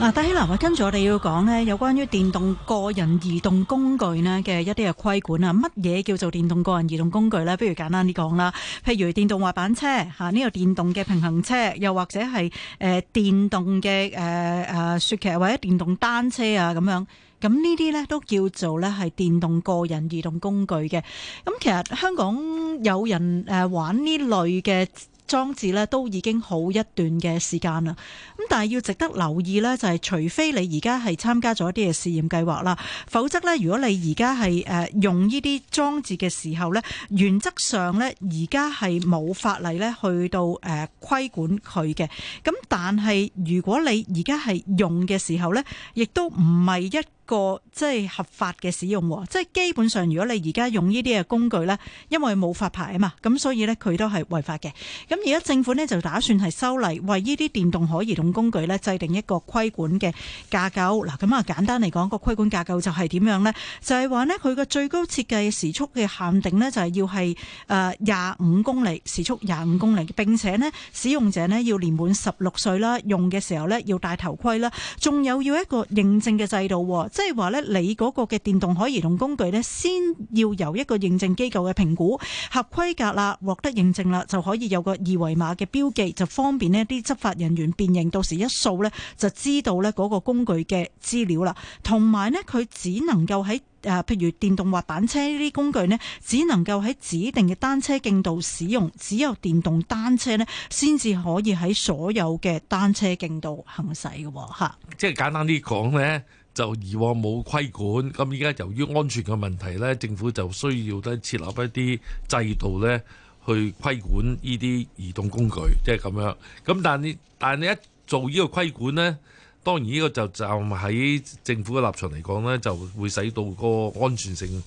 嗱，戴希南啊，跟住我哋要講呢，有關於電動個人移動工具呢嘅一啲嘅規管啊，乜嘢叫做電動個人移動工具呢？不如簡單啲講啦，譬如電動滑板車吓，呢、啊這個電動嘅平衡車，又或者係誒、呃、電動嘅誒誒雪橇或者電動單車啊咁樣，咁呢啲呢，都叫做呢係電動個人移動工具嘅。咁其實香港有人誒、呃、玩呢類嘅。裝置呢都已經好一段嘅時間啦，咁但係要值得留意呢，就係除非你而家係參加咗一啲嘅試驗計劃啦，否則呢，如果你而家係誒用呢啲裝置嘅時候呢，原則上呢，而家係冇法例呢去到誒規管佢嘅，咁但係如果你而家係用嘅時候呢，亦都唔係一個即係合法嘅使用，即係基本上如果你而家用呢啲嘅工具呢，因為冇發牌啊嘛，咁所以呢，佢都係違法嘅。咁而家政府呢，就打算係修例，為呢啲電動可移動工具呢，制定一個規管嘅架構。嗱，咁啊簡單嚟講，個規管架構就係點樣呢？就係話呢，佢個最高設計時速嘅限定呢，就係要係誒廿五公里時速廿五公里，並且呢使用者呢，要年滿十六歲啦，用嘅時候呢，要戴頭盔啦，仲有要一個認證嘅制度。即係話咧，你嗰個嘅電動可移動工具咧，先要由一個認證機構嘅評估合規格啦，獲得認證啦，就可以有個二維碼嘅標記，就方便呢啲執法人員辨認，到時一掃呢，就知道呢嗰個工具嘅資料啦。同埋呢，佢只能夠喺誒，譬如電動滑板車呢啲工具呢，只能夠喺指定嘅單車徑度使用，只有電動單車呢，先至可以喺所有嘅單車徑度行駛嘅吓。即係簡單啲講呢。就以往冇規管，咁依家由於安全嘅問題呢，政府就需要得設立一啲制度呢，去規管依啲移動工具，即係咁樣。咁但係你但係你一做呢個規管呢，當然依個就就喺政府嘅立場嚟講呢，就會使到個安全性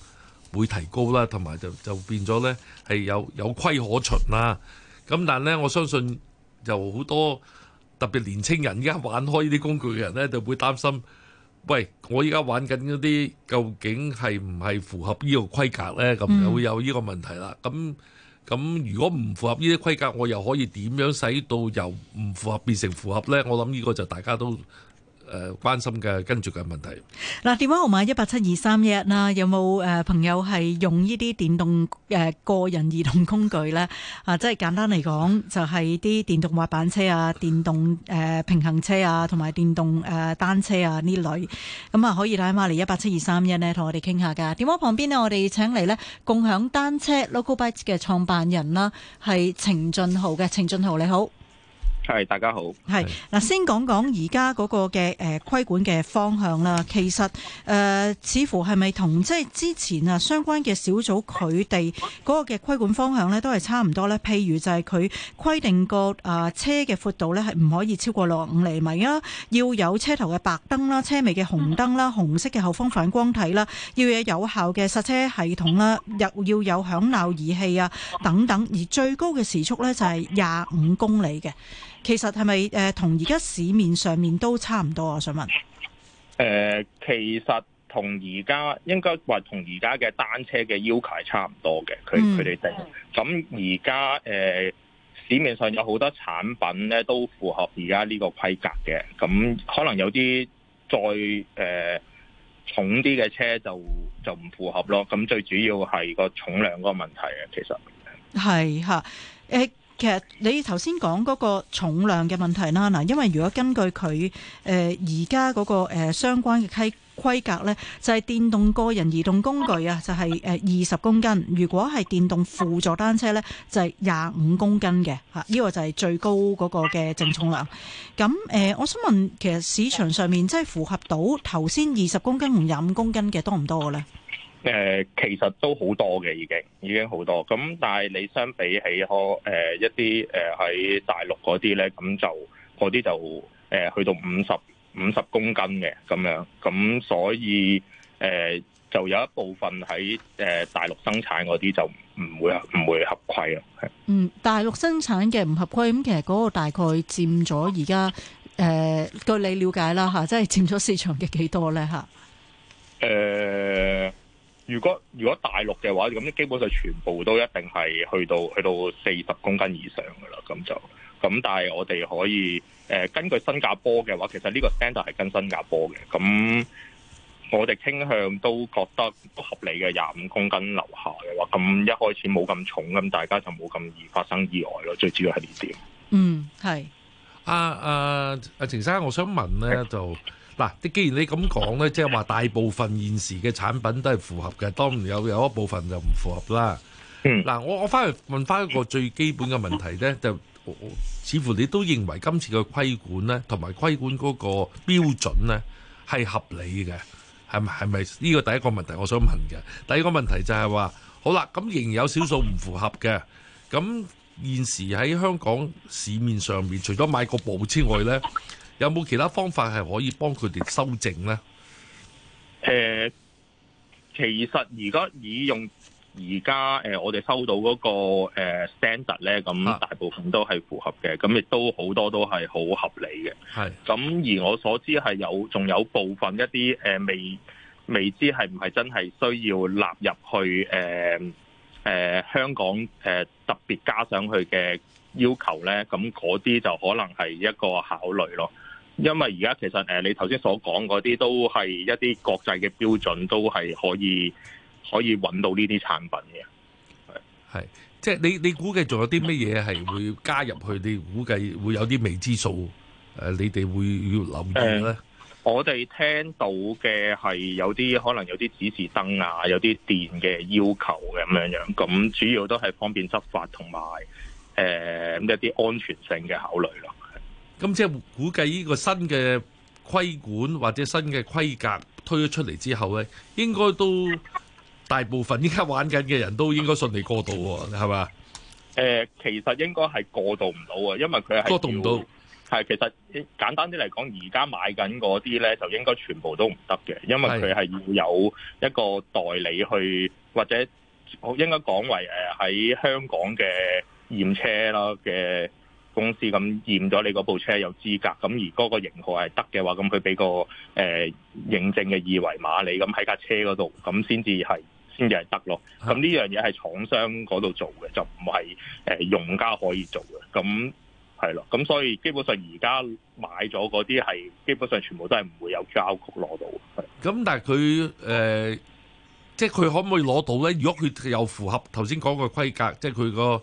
會提高啦，同埋就就變咗呢係有有規可循啦。咁但係呢，我相信有好多特別年青人依家玩開依啲工具嘅人呢，就會擔心。喂，我依家玩緊嗰啲，究竟係唔係符合呢個規格呢？咁就會有呢個問題啦。咁咁、嗯、如果唔符合呢啲規格，我又可以點樣使到由唔符合變成符合呢？我諗呢個就大家都。誒關心嘅跟住嘅問題，嗱，電話號碼一八七二三一啦，有冇誒朋友係用呢啲電動誒個人移動工具咧？ 啊，即係簡單嚟講，就係、是、啲電動滑板車啊、電動誒、呃、平衡車啊、同埋電動誒、呃、單車啊呢類，咁啊可以打電話嚟一八七二三一呢同我哋傾下噶。電話旁邊呢，我哋請嚟呢共享單車 LocoBike、ok、嘅創辦人啦，係程俊豪嘅，程俊豪你好。係，大家好。係嗱，先講講而家嗰個嘅誒規管嘅方向啦。其實誒、呃，似乎係咪同即係之前啊相關嘅小組佢哋嗰個嘅規管方向呢都係差唔多呢？譬如就係佢規定個啊車嘅闊度呢係唔可以超過六十五厘米啊。要有車頭嘅白燈啦，車尾嘅紅燈啦，紅色嘅後方反光體啦，要有有效嘅煞車系統啦，又要有響鬧儀器啊等等。而最高嘅時速呢，就係廿五公里嘅。其實係咪誒同而家市面上面都差唔多？我想問。誒、呃，其實同而家應該話同而家嘅單車嘅要求係差唔多嘅，佢佢哋定。咁而家誒市面上有好多產品咧，都符合而家呢個規格嘅。咁可能有啲再誒、呃、重啲嘅車就就唔符合咯。咁最主要係個重量嗰個問題嘅，其實。係嚇誒。欸其實你頭先講嗰個重量嘅問題啦，嗱，因為如果根據佢誒而家嗰個誒相關嘅規規格呢，就係電動個人移動工具啊，就係誒二十公斤；如果係電動輔助單車呢，就係廿五公斤嘅吓，呢個就係最高嗰個嘅淨重量。咁誒，我想問，其實市場上面即係符合到頭先二十公斤同廿五公斤嘅多唔多呢？誒，其實都好多嘅，已經已經好多。咁但係你相比起可誒一啲誒喺大陸嗰啲咧，咁就嗰啲就誒去到五十五十公斤嘅咁樣。咁所以誒就有一部分喺誒大陸生產嗰啲就唔會唔會合規啊。係嗯，大陸生產嘅唔合規，咁其實嗰個大概佔咗而家誒據你了解啦吓，即係佔咗市場嘅幾多咧吓。誒、呃。如果如果大陸嘅話，咁基本上全部都一定係去到去到四十公斤以上噶啦，咁就咁。但係我哋可以誒、呃，根據新加坡嘅話，其實呢個 standard 係跟新加坡嘅。咁我哋傾向都覺得都合理嘅，廿五公斤樓下嘅話，咁一開始冇咁重，咁大家就冇咁易發生意外咯。最主要係呢點。嗯，係。阿阿阿程生，我想問咧的就。嗱，你既然你咁講咧，即係話大部分現時嘅產品都係符合嘅，當然有有一部分就唔符合了啦。嗱，我我翻去問翻一個最基本嘅問題咧，就似乎你都認為今次嘅規管咧，同埋規管嗰個標準咧係合理嘅，係咪？係咪呢個第一個問題我想問嘅？第一個問題就係話，好啦，咁仍然有少數唔符合嘅，咁現時喺香港市面上面，除咗買個部車之外咧。有冇其他方法係可以幫佢哋修正呢？誒、呃，其實如果以用而家誒，我哋收到嗰、那個誒 standard 咧，咁、呃、大部分都係符合嘅，咁亦、啊、都好多都係好合理嘅。係是。咁而我所知係有，仲有部分一啲誒、呃、未未知係唔係真係需要納入去誒誒、呃呃、香港誒、呃、特別加上去嘅要求咧？咁嗰啲就可能係一個考慮咯。因為而家其實誒，你頭先所講嗰啲都係一啲國際嘅標準，都係可以可以揾到呢啲產品嘅。係，即係你你估計仲有啲乜嘢係會加入去？你估計會有啲未知數誒，你哋會要留意咧。我哋聽到嘅係有啲可能有啲指示燈啊，有啲電嘅要求嘅咁樣樣。咁主要都係方便執法同埋誒一啲安全性嘅考慮咯。咁即係估計呢個新嘅規管或者新嘅規格推咗出嚟之後咧，應該都大部分依家玩緊嘅人都應該順利過渡喎、哦，係嘛？誒、呃，其實應該係過渡唔到啊，因為佢係過渡唔到，係其實簡單啲嚟講，而家買緊嗰啲咧，就應該全部都唔得嘅，因為佢係要有一個代理去或者應該講為誒喺香港嘅驗車啦嘅。公司咁驗咗你部車有資格，咁而嗰個型號係得嘅話，咁佢俾個誒、呃、認證嘅二維碼你，咁喺架車嗰度，咁先至係先至係得咯。咁呢樣嘢係廠商嗰度做嘅，就唔係誒用家可以做嘅。咁係咯，咁所以基本上而家買咗嗰啲係基本上全部都係唔會有交曲攞到。咁但係佢誒即係佢可唔可以攞到咧？如果佢有符合頭先講嘅規格，即係佢個。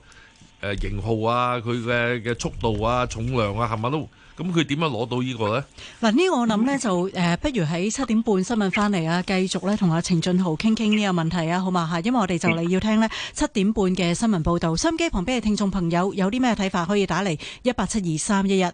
誒、呃，型號啊，佢嘅嘅速度啊，重量啊，係咪都咁？佢、嗯、點樣攞到呢個呢？嗱，呢個我諗呢，就誒、呃，不如喺七點半新聞翻嚟啊，繼續咧同阿程俊豪傾傾呢個問題啊，好嘛吓？因為我哋就嚟要聽呢，七點半嘅新聞報道。收音機旁邊嘅聽眾朋友有啲咩睇法，可以打嚟一八七二三一一。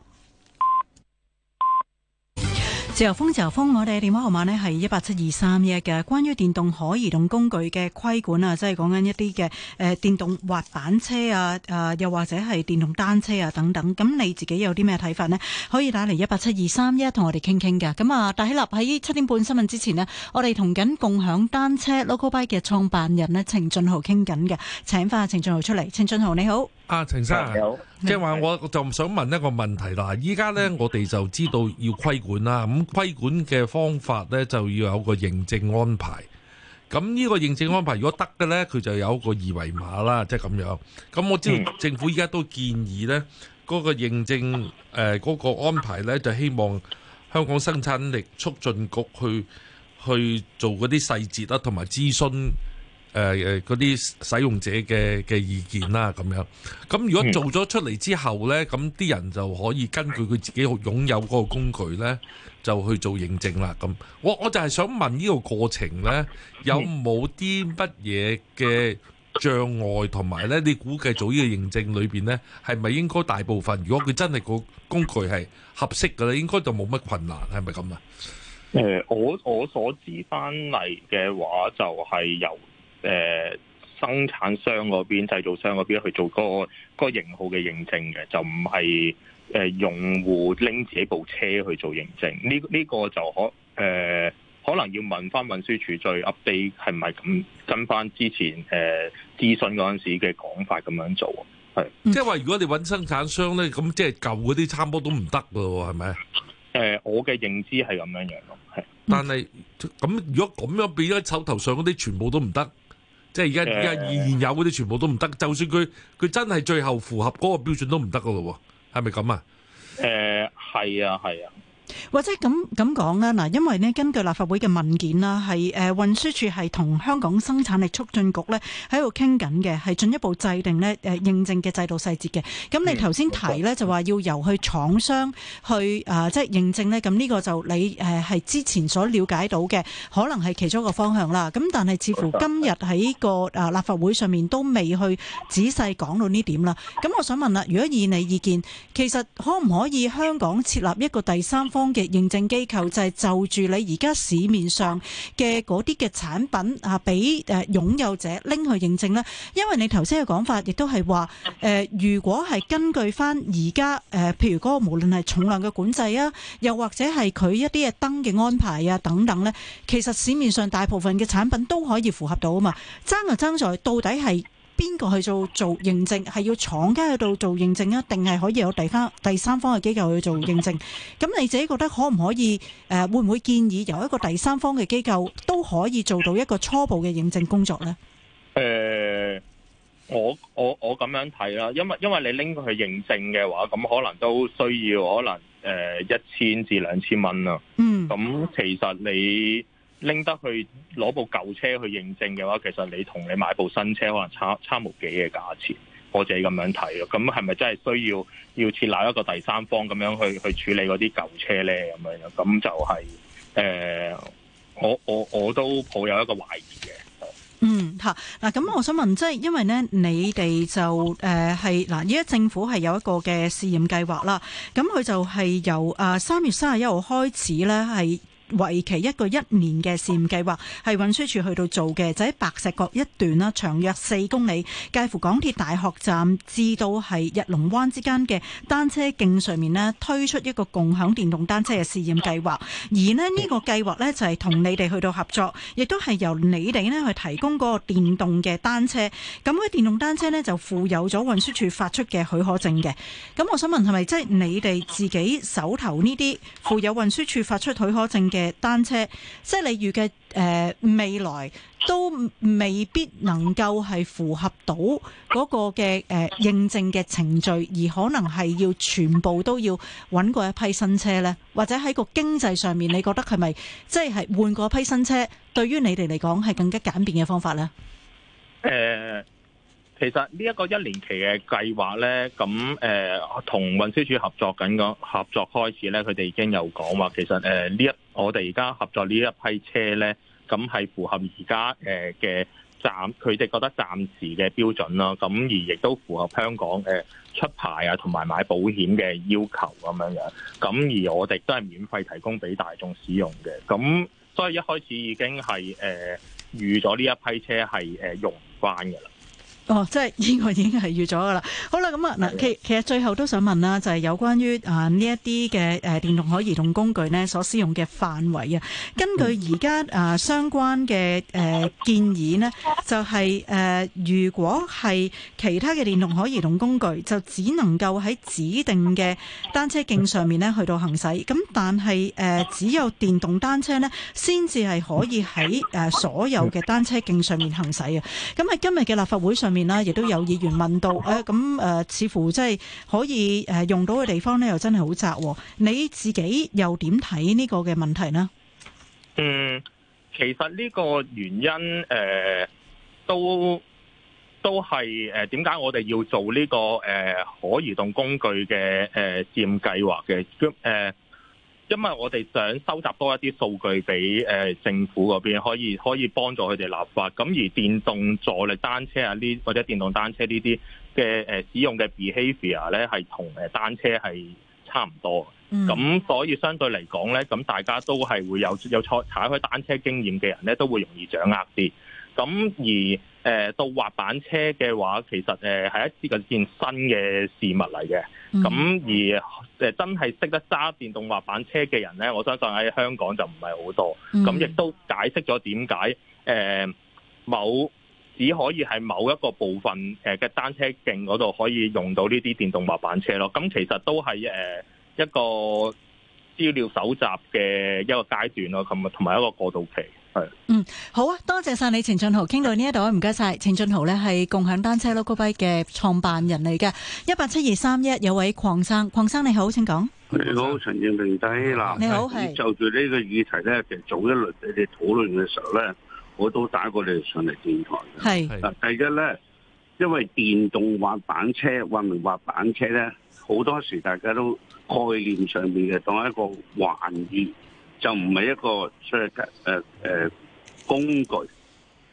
自由風，自由風，我哋嘅電話號碼呢係一八七二三一嘅。關於電動可移動工具嘅規管啊，即係講緊一啲嘅誒電動滑板車啊，誒、呃、又或者係電動單車啊等等。咁你自己有啲咩睇法呢？可以打嚟一八七二三一同我哋傾傾㗎。咁啊，戴希立喺七點半新聞之前呢，我哋同緊共享單車 LocoBike 嘅創辦人呢，程俊豪傾緊嘅，請翻阿程俊豪出嚟。程俊豪你好。啊，程生，即係話，就是我就想問一個問題啦。依家呢，我哋就知道要規管啦。咁規管嘅方法呢，就要有個認證安排。咁呢個認證安排如果得嘅呢，佢就有個二維碼啦，即係咁樣。咁我知道政府依家都建議呢嗰、嗰個認證誒嗰、呃嗰個安排呢，就希望香港生產力促進局去去做嗰啲細節啊，同埋諮詢。誒誒，嗰啲、呃、使用者嘅嘅意見啦，咁樣咁如果做咗出嚟之後呢，咁啲人就可以根據佢自己擁有嗰個工具呢，就去做認證啦。咁我我就係想問呢個過程呢，有冇啲乜嘢嘅障礙？同埋呢，你估計做呢個認證裏邊呢，係咪應該大部分如果佢真係個工具係合適㗎咧，應該就冇乜困難，係咪咁啊？誒、呃，我我所知翻嚟嘅話，就係由誒、呃，生產商嗰邊、製造商嗰邊去做嗰、嗰個、嗰個型號嘅認證嘅，就唔係誒用戶拎自己部車去做認證。呢、呢、呢、個呢個就可誒、呃，可能要問翻運輸處再 update，係咪咁跟翻之前誒諮詢嗰陣時嘅講法咁樣做？係，即係話如果你搵生產商咧，咁即係舊嗰啲差唔多都唔得噶喎，係咪？誒，我嘅認知係咁樣的的、嗯、樣咯，係。但係咁如果咁樣變咗手頭上嗰啲全部都唔得？即係而家而家現、呃、現有嗰啲全部都唔得，就算佢佢真係最後符合嗰個標準都唔得噶咯喎，係咪咁啊？誒、呃，係啊，係啊。或者咁咁講啦，嗱，因為呢根據立法會嘅文件啦，係誒運輸署係同香港生產力促進局呢喺度傾緊嘅，係進一步制定呢誒認證嘅制度細節嘅。咁你頭先提呢，嗯、就話要由去廠商去即係、啊即係、認證呢。咁呢個就你誒係之前所了解到嘅，可能係其中一個方向啦。咁但係似乎今日喺個誒立法會上面都未去仔細講到呢點啦。咁我想問啦，如果以你意見，其實可唔可以香港設立一個第三方？嘅認證機構就係就住你而家市面上嘅嗰啲嘅產品啊，俾誒擁有者拎去認證啦，因為你頭先嘅講法，亦都係話誒如果係根據翻而家誒譬如嗰個無論係重量嘅管制啊，又或者係佢一啲嘅燈嘅安排啊等等咧，其實市面上大部分嘅產品都可以符合到啊嘛。爭就爭在到底係。邊個去做做認證？係要廠家喺度做認證啊？定係可以有第三第三方嘅機構去做認證？咁你自己覺得可唔可以？誒，會唔會建議由一個第三方嘅機構都可以做到一個初步嘅認證工作呢？誒，我我我咁樣睇啦，因為因為你拎過去認證嘅話，咁可能都需要可能誒一千至兩千蚊啦。嗯，咁其實你。拎得去攞部舊車去認證嘅話，其實你同你買部新車可能差差無幾嘅價錢，我自己咁樣睇嘅。咁係咪真係需要要設立一個第三方咁樣去去處理嗰啲舊車呢？咁樣咁就係誒，我我我都抱有一個懷疑嘅。嗯，嚇嗱，咁我想問，即係因為呢，你哋就誒係嗱，依家政府係有一個嘅試驗計劃啦。咁佢就係由誒三月三十一號開始呢，係。為期一個一年嘅試驗計劃，係運輸署去到做嘅，就喺白石角一段啦，長約四公里，介乎港鐵大學站至到係逸瓏灣之間嘅單車徑上面咧，推出一個共享電動單車嘅試驗計劃。而咧呢個計劃咧就係同你哋去到合作，亦都係由你哋咧去提供嗰個電動嘅單車。咁佢啲電動單車咧就附有咗運輸署發出嘅許可證嘅。咁我想問係咪即係你哋自己手頭呢啲附有運輸署發出許可證嘅？嘅單車，即係你預計嘅誒未來都未必能夠係符合到嗰個嘅誒、呃、認證嘅程序，而可能係要全部都要揾過一批新車呢？或者喺個經濟上面，你覺得係咪即係換過一批新車，對於你哋嚟講係更加簡便嘅方法呢？誒、呃，其實呢一個一年期嘅計劃呢，咁誒同運輸署合作緊嘅合作開始呢，佢哋已經有講話，其實誒呢、呃、一我哋而家合作呢一批車呢，咁係符合而家誒嘅暫佢哋覺得暫時嘅標準啦。咁而亦都符合香港誒出牌啊，同埋買保險嘅要求咁樣樣，咁而我哋都係免費提供俾大眾使用嘅。咁所以一開始已經係誒預咗呢一批車係誒用唔翻嘅啦。哦，即係呢個已經係預咗噶啦。好啦，咁啊嗱，其其實最後都想問啦，就係、是、有關於啊呢一啲嘅誒電動可移動工具咧所使用嘅範圍啊。根據而家啊相關嘅誒、啊、建議咧，就係、是、誒、啊、如果係其他嘅電動可移動工具，就只能夠喺指定嘅單車徑上面咧去到行駛，咁但係誒、啊、只有電動單車咧，先至係可以喺誒、啊、所有嘅單車徑上面行駛啊，咁喺今日嘅立法會上面。面啦，亦都有議員問到，誒咁誒，似乎即係可以誒用到嘅地方咧，又真係好窄，哦。你自己又點睇呢個嘅問題呢？嗯，其實呢個原因誒、呃，都都係誒點解我哋要做呢、這個誒、呃、可移動工具嘅誒、呃、佔計劃嘅咁因為我哋想收集多一啲數據俾政府嗰邊，可以可以幫助佢哋立法。咁而電動助力單車啊，呢或者電動單車呢啲嘅使用嘅 behaviour 咧，係同誒單車係差唔多。咁所以相對嚟講咧，咁大家都係會有有踩踩開單車經驗嘅人咧，都會容易掌握啲。咁而到滑板車嘅話，其實誒係一次嘅件新嘅事物嚟嘅。咁而誒真係識得揸電動滑板車嘅人咧，我相信喺香港就唔係好多。咁亦都解釋咗點解誒某只可以係某一個部分誒嘅單車徑嗰度可以用到呢啲電動滑板車咯。咁其實都係誒一個資料搜集嘅一個階段咯，同埋同埋一個過渡期。是嗯，好啊，多謝晒你程俊豪，傾到呢一度啊，唔該晒。程俊豪咧係共享單車 LocoBike 嘅創辦人嚟嘅，一八七二三一有位鄺生，鄺生你好，請講、嗯。你好，陳建明低啦。你好，係就住呢個議題咧，其實早一輪你哋討論嘅時候咧，我都打過你上嚟電台嘅。係是第一咧，因為電動滑板車，話明滑板車咧，好多時大家都概念上邊嘅當一個玩意。就唔係一個即係誒誒工具，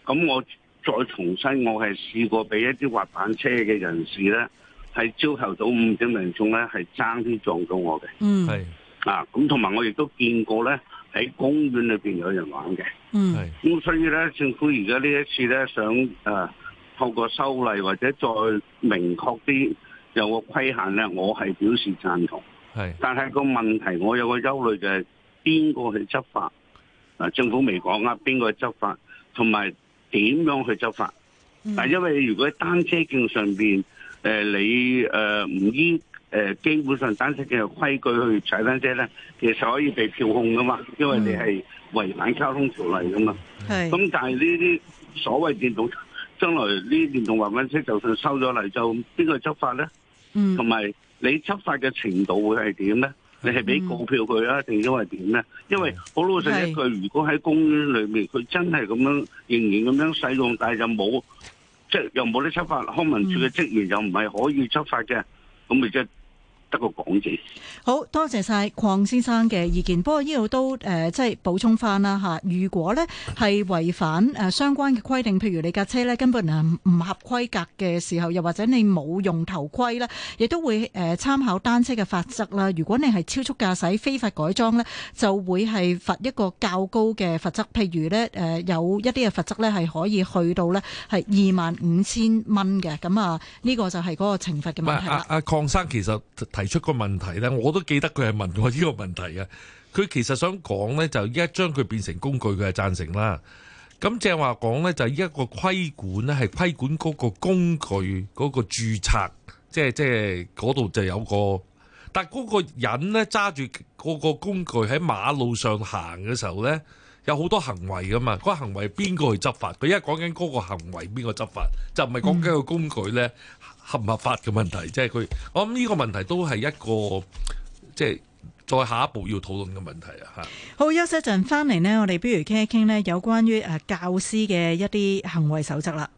咁我再重新，我係試過俾一啲滑板車嘅人士咧，係朝頭早五點零鐘咧，係爭啲撞到我嘅。嗯，係啊，咁同埋我亦都見過咧，喺公園裏邊有人玩嘅。嗯，係咁，所以咧，政府而家呢一次咧，想誒、呃、透過修例或者再明確啲有個規限咧，我係表示贊同。係，mm. 但係個問題，我有個憂慮就係邊個去執法？政府未講啦，邊個去執法？同埋點樣去執法？嗯、因為如果單車徑上邊，誒、呃、你誒唔依誒基本上單車徑嘅規矩去踩單車咧，其實可以被票控噶嘛，嗯、因為你係違反交通條例噶嘛。係是。咁但係呢啲所謂電動，將來呢啲電動滑板車就算收咗嚟，就邊個執法咧？嗯。同埋你執法嘅程度會係點咧？你係俾告票佢啊？定因為點咧？因為好老實一句，是如果喺公園裏面，佢真係咁樣，仍然咁樣使用，但係就冇，即又冇得執法，康文署嘅職員又唔係可以執法嘅，咁咪即一個講字，好多謝晒鄺先生嘅意見。不過呢度都誒，即、呃、係補充翻啦嚇。如果呢係違反誒相關嘅規定，譬如你架車咧根本唔合規格嘅時候，又或者你冇用頭盔咧，亦都會誒、呃、參考單車嘅罰則啦。如果你係超速駕駛、非法改裝呢，就會係罰一個較高嘅罰則。譬如呢，誒、呃，有一啲嘅罰則呢係可以去到呢係二萬五千蚊嘅。咁啊，呢、這個就係嗰個懲罰嘅問題啦。阿阿、啊、鄺生其實提提出個問題咧，我都記得佢係問我呢個問題嘅。佢其實想講咧，就依家將佢變成工具，佢係贊成啦。咁正話講咧，就依一個規管咧，係規管嗰個工具嗰個註冊，即係即係嗰度就有個。但嗰個人咧揸住嗰個工具喺馬路上行嘅時候咧，有好多行為㗎嘛。嗰行為邊個去執法？佢一家講緊嗰個行為邊個執法，就唔係講緊個工具咧。嗯合唔合法嘅問題，即係佢，我諗呢個問題都係一個，即係再下一步要討論嘅問題啊！吓，好，休息一陣，翻嚟呢。我哋不如傾一傾呢，有關於誒教師嘅一啲行為守則啦。